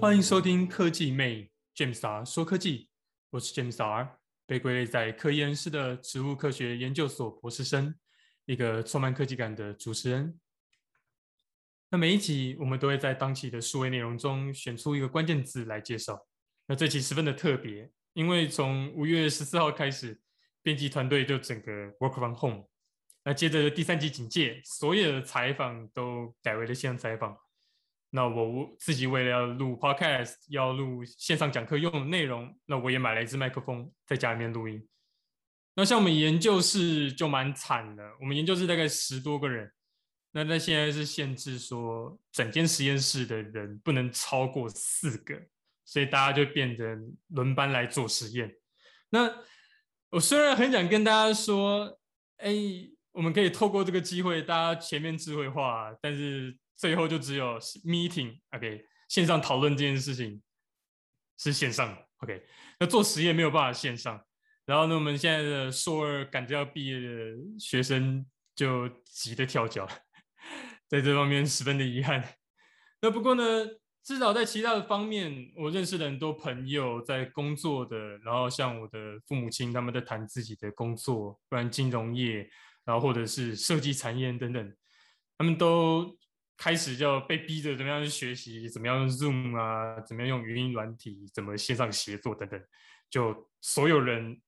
歡迎收聽科技魅癮 James R 說科技，我是 James R，被歸類在科研室的植物科學研究所博士生。一個充滿科技感的主持人。那每一集我們都會在當期的數位內容中選出一個關鍵字來介紹。那這期十分的特別，因為從五月十四號開始，編輯團隊就整個 work from home。那接着第三級警戒，所有的採訪都改為了線上採訪。那我自己為了要錄 podcast，要錄線上講課用的內容，那我也買了一支麥克風，在家裡面錄音。那像我們研究室就蠻慘的，我們研究室大概十多個人，那那現在是限制說整間實驗室的人不能超過四個，所以大家就變成輪班來做實驗。那我雖然很想跟大家說，哎，我們可以透過這個機會，大家前面智慧化，但是最後就只有 meeting，OK、okay，線上討論這件事情是線上，OK，那做實驗沒有辦法線上。然後呢，我們現在的碩二，趕著要畢業的學生就急得跳腳，在這方面十分的遺憾。那不過呢，至少在其他的方面，我認識了很多朋友在工作的，然後像我的父母親，他們在談自己的工作，不然金融業，然後或者是設計產業等等，他們都開始就被逼着怎麼樣去學習，怎麼樣用 Zoom 啊，怎麼樣用語音軟體，怎麼線上協作等等，就所有人。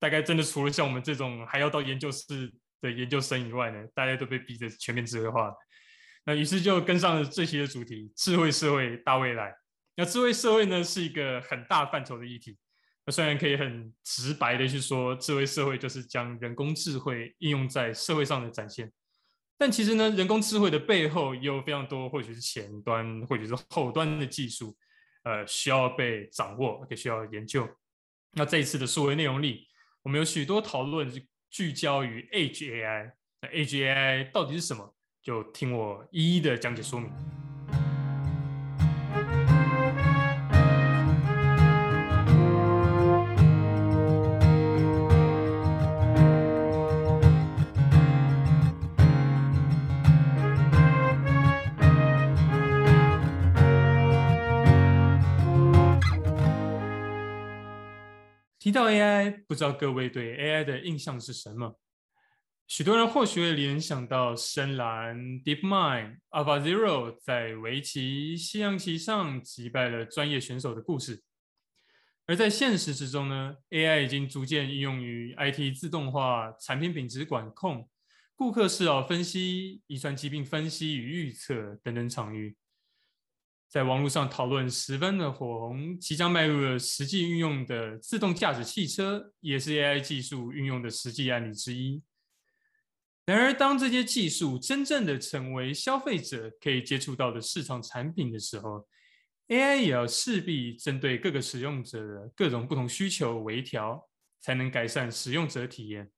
大概真的除了像我們這種還要到研究室的研究生以外呢，大家都被逼着全面智慧化。那於是就跟上了這期的主題，智慧社會大未來。那智慧社會呢，是一個很大範疇的議題。那雖然可以很直白的去說，智慧社會就是將人工智慧應用在社會上的展現，但其實呢，人工智慧的背後也有非常多，或許是前端，或許是後端的技術，呃，需要被掌握，也需要研究。那這一次的數位內容裡。我們有許多討論聚焦於 Edge AI，那 Edge AI 到底是什麼？就聽我一一的講解說明。提到 AI，不知道各位對 AI 的印象是什麼？許多人或許會聯想到深藍 DeepMind、AlphaZero 在圍棋、西洋棋上擊敗了專業選手的故事。而在現實之中呢，AI 已經逐漸應用於 IT 自動化、產品品質管控、顧客嗜好分析、遺傳疾病分析與預測等等場域。在網絡上討論十分的火紅，即將邁入了實際運用的自動駕駛汽車，也是 AI 技術運用的實際案例之一。然而，當這些技術真正的成為消費者可以接觸到的市場產品的時候，AI 也要勢必針對各個使用者的各種不同需求微調，才能改善使用者體驗。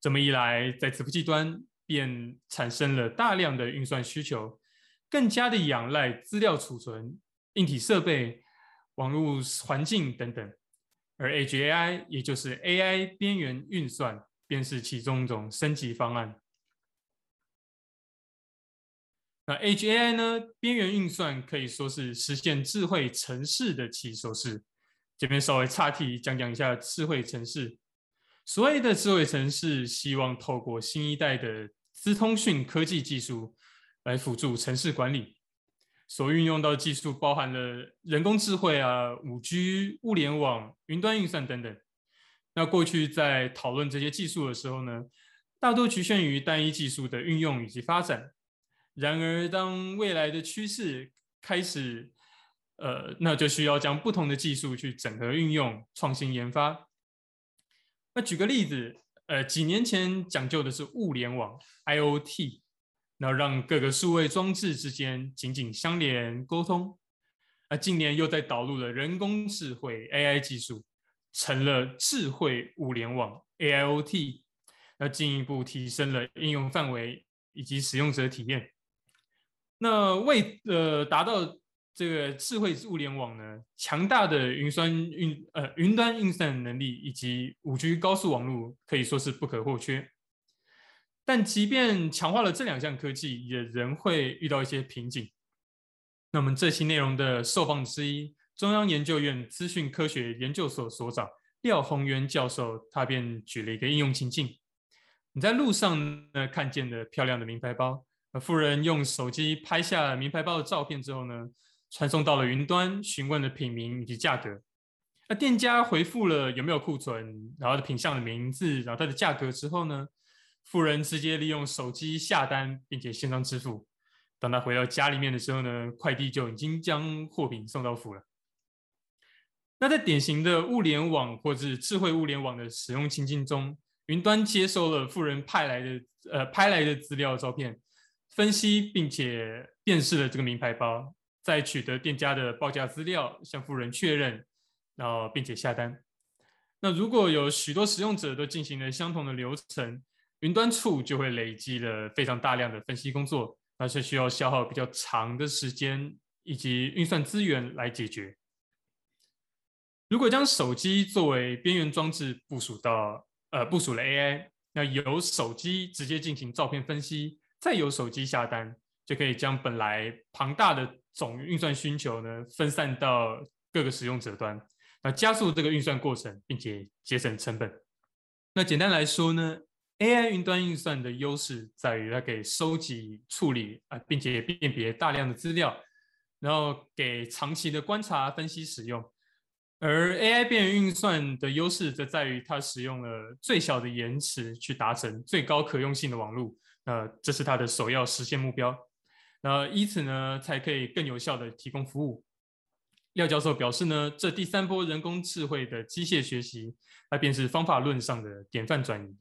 這麼一來，在服務器端便產生了大量的運算需求。更加的仰賴資料儲存、硬體設備、網絡環境等等，而 Edge AI 也就是 AI 邊緣運算，便是其中一種升級方案。那 Edge AI 呢？邊緣運算可以說是實現智慧城市的起手式。這邊稍微岔題講講一下智慧城市。所謂的智慧城市，希望透過新一代的資通訊科技技術。來輔助城市管理，所運用到的技術包含了人工智慧啊、5G、物聯網、雲端運算等等。那過去在討論這些技術的時候呢，大多局限於單一技術的運用以及發展。然而，當未來的趨勢開始，呃，那就需要將不同的技術去整合運用、創新研發。那舉個例子，呃，幾年前講究的是物聯網 （IoT）。那讓各個數位裝置之間緊緊相連、溝通。那近年又在導入了人工智慧 AI 技術，成了智慧物聯網 AIoT。那進一步提升了應用範圍以及使用者體驗。那為呃達到這個智慧物聯網呢，強大的雲端運呃雲端運算能力以及五 G 高速網絡可以說是不可或缺。但即便強化了這兩項科技，也仍會遇到一些瓶頸。那我們這期內容的受訪之一，中央研究院資訊科學研究所所長廖宏淵教授，他便舉了一個應用情境：你在路上呢，看見了漂亮的名牌包，而富人用手機拍下名牌包的照片之後呢，傳送到了雲端，詢問了品名以及價格。那店家回復了有沒有庫存，然後品相的名字，然後它的價格之後呢？富人直接利用手機下單，並且線上支付。當他回到家裡面的時候呢，快遞就已經將貨品送到府了。那在典型的物聯網或是智慧物聯網的使用情境中，雲端接收了富人派來的呃、拍來的資料的照片，分析並且辨識了這個名牌包，再取得店家的報價資料，向富人確認，然後並且下單。那如果有許多使用者都進行了相同的流程。雲端處就會累積了非常大量的分析工作，那是需要消耗比較長的時間以及運算資源來解決。如果將手機作為邊緣裝置部署到，呃，部署了 AI，那由手機直接進行照片分析，再由手機下單，就可以將本來龐大的總運算需求呢分散到各個使用者端，那加速這個運算過程，並且節省成本。那簡單來說呢，AI 雲端運算的優勢在於它可以收集、處理啊，並且也辨別大量的資料，然後給長期的觀察、分析使用。而 AI 邊緣運算的優勢則在於它使用了最小的延遲去達成最高可用性的網路，那這是它的首要實現目標。那以此呢，才可以更有效地提供服務。廖教授表示呢，這第三波人工智慧的機械學習，那便是方法論上的典範轉移。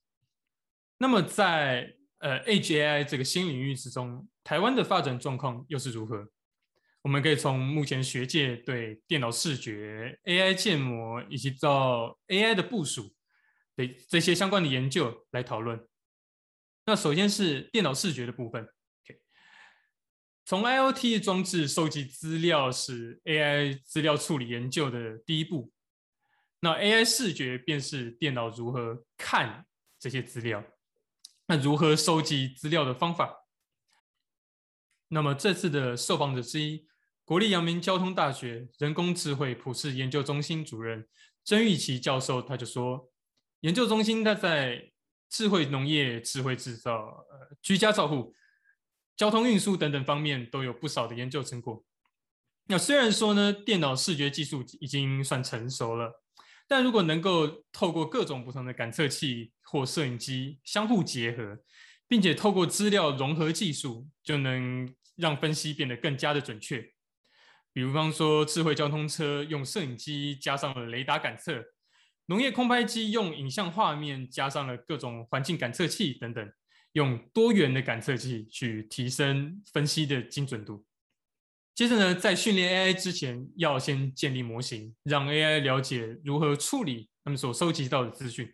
那麼在，在呃、Edge AI 這個新領域之中，台灣的發展狀況又是如何？我們可以從目前學界對電腦視覺、AI 建模以及到 AI 的部署對，這些相關的研究來討論。那首先是電腦視覺的部分，Okay. 從 IoT 裝置收集資料是 AI 資料處理研究的第一步。那 AI 視覺便是電腦如何看這些資料。那如何收集資料的方法？那麼這次的受訪者之一，國立陽明交通大學人工智慧普適研究中心主任曾煜棋教授，他就說，研究中心他在智慧農業、智慧製造、呃、居家照護、交通運輸等等方面都有不少的研究成果。那雖然說呢，電腦視覺技術已經算成熟了，但如果能夠透過各種不同的感測器，或攝影機相互結合，並且透過資料融合技術，就能讓分析變得更加的準確。比方說智慧交通車用攝影機加上了雷達感測，農業空拍機用影像畫面加上了各種環境感測器等等，用多元的感測器去提升分析的精準度。接着呢，在訓練 AI 之前，要先建立模型，讓 AI 了解如何處理他們所收集到的資訊。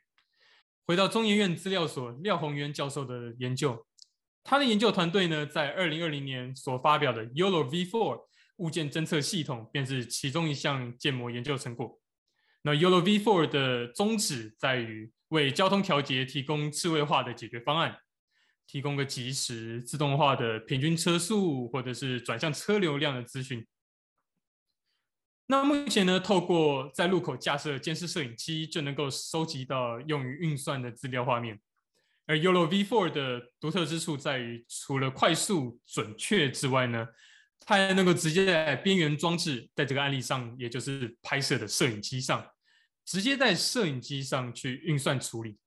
回到中研院資料所廖宏淵教授的研究，他的研究團隊呢，在二零二零年所發表的 YOLO V4 物件偵測系統，便是其中一項建模研究成果。那 YOLO V4 的宗旨在於為交通調節提供智慧化的解決方案，提供個即時自動化的平均車速或者是轉向車流量的資訊。那目前呢，透過在路口架設監視攝影機，就能夠收集到用於運算的資料畫面。而 YOLO V4 的獨特之處在於，除了快速準確之外呢，它還能夠直接在邊緣裝置，在這個案例上，也就是拍攝的攝影機上，直接在攝影機上去運算處理。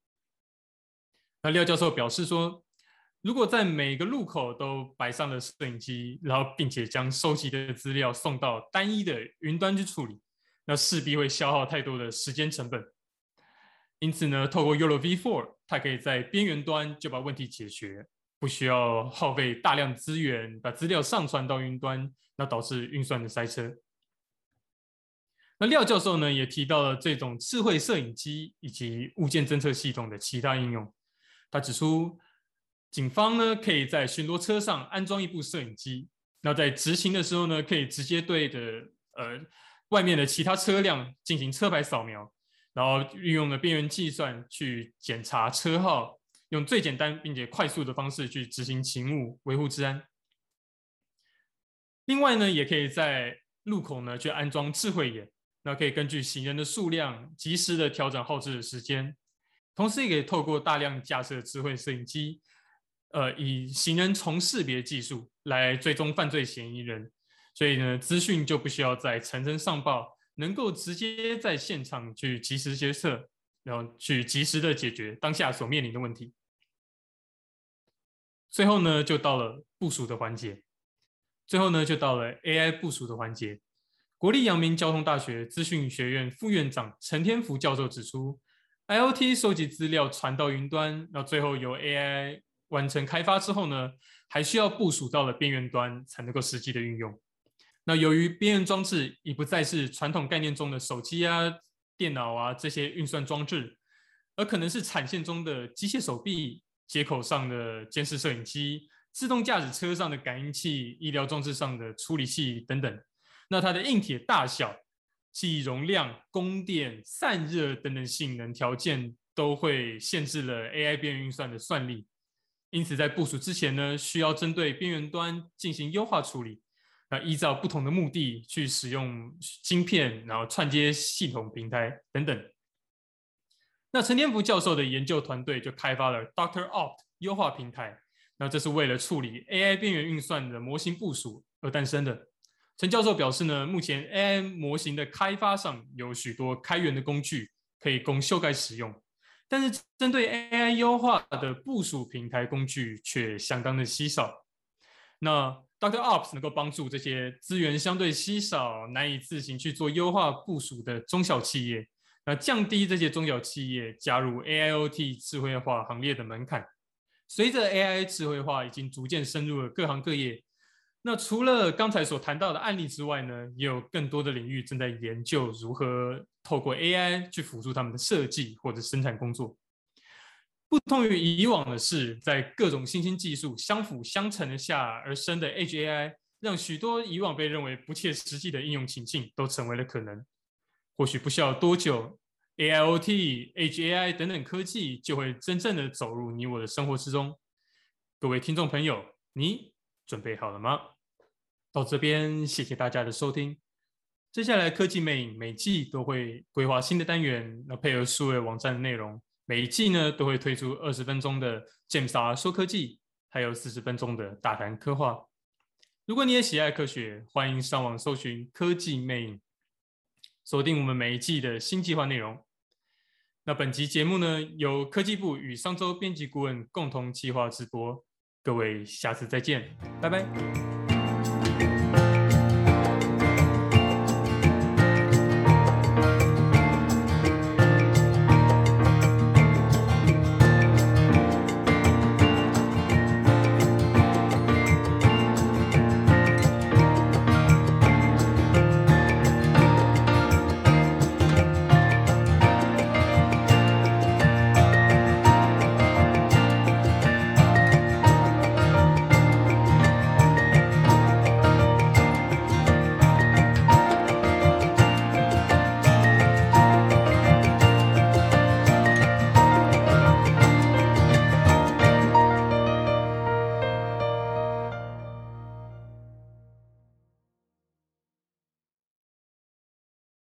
那廖教授表示說，如果在每個路口都擺上了攝影機，然後並且將收集的資料送到單一的雲端去處理，那勢必會消耗太多的時間成本。因此呢，透過 YOLO V4，它可以在邊緣端就把問題解決，不需要耗費大量資源把資料上傳到雲端，那導致運算的塞車。那廖教授呢也提到了這種智慧攝影機以及物件偵測系統的其他應用，他指出。警方呢可以在巡邏車上安裝一部攝影機，那在執行的時候呢，可以直接對着呃外面的其他車輛進行車牌掃描，然後運用了邊緣計算去檢查車號，用最簡單並且快速的方式去執行勤務維護治安。另外呢，也可以在路口呢去安裝智慧眼，那可以根據行人的數量及時的調整號誌的時間，同時也可以透過大量架設智慧攝影機。呃，以行人重識別技術來追蹤犯罪嫌疑人，所以呢，資訊就不需要再層層上報，能夠直接在現場去及時決策，然後去及時的解決當下所面臨的問題。最後呢，就到了部署的環節，最後呢，就到了 AI 部署的環節。國立陽明交通大學資訊學院副院長陳天福教授指出，IoT 收集資料傳到雲端，然後最後由 AI。完成開發之後呢，還需要部署到了邊緣端才能夠實際的運用。那由於邊緣裝置已不再是傳統概念中的手機啊、電腦啊這些運算裝置，而可能是產線中的機械手臂，接口上的監視攝影機、自動駕駛車上的感應器、醫療裝置上的處理器等等。那它的硬體大小、記憶容量、供電、散熱等等性能條件都會限制了 AI 邊緣運算的算力。因此，在部署之前呢，需要針對邊緣端進行優化處理。那依照不同的目的去使用芯片，然後串接系統平台等等。那陳天福教授的研究團隊就開發了 Doctor Opt 優化平台。那這是為了處理 AI 邊緣運算的模型部署而誕生的。陳教授表示呢，目前 AI 模型的開發上有許多開源的工具可以供修改使用。但是，針對 AI 優化的部署平台工具卻相當的稀少。那 Doctor Ops 能夠幫助這些資源相對稀少、難以自行去做優化部署的中小企業，那降低這些中小企業加入 AIoT 智慧化行列的門檻。隨着 AI 智慧化已經逐漸深入了各行各業。那除了剛才所談到的案例之外呢，也有更多的領域正在研究如何透過 AI 去輔助他們的設計或者生產工作。不同於以往的是，在各種新興技術相輔相成的下而生的 Edge AI，讓許多以往被認為不切實際的應用情境都成為了可能。或許不需要多久，AIoT、Edge AI 等等科技就會真正的走入你我的生活之中。各位聽眾朋友，你。準備好了嗎？到這邊，謝謝大家的收聽。接下來，科技魅癮每季都會規劃新的單元，那配合數位網站的內容，每一季呢都會推出二十分鐘的 James R 說科技，還有四十分鐘的大談科幻。如果你也喜愛科學，歡迎上網搜尋科技魅癮，鎖定我們每一季的新計劃內容。那本集節目呢，由科技部與商周編輯顧問共同計劃直播。各位，下次再見，拜拜。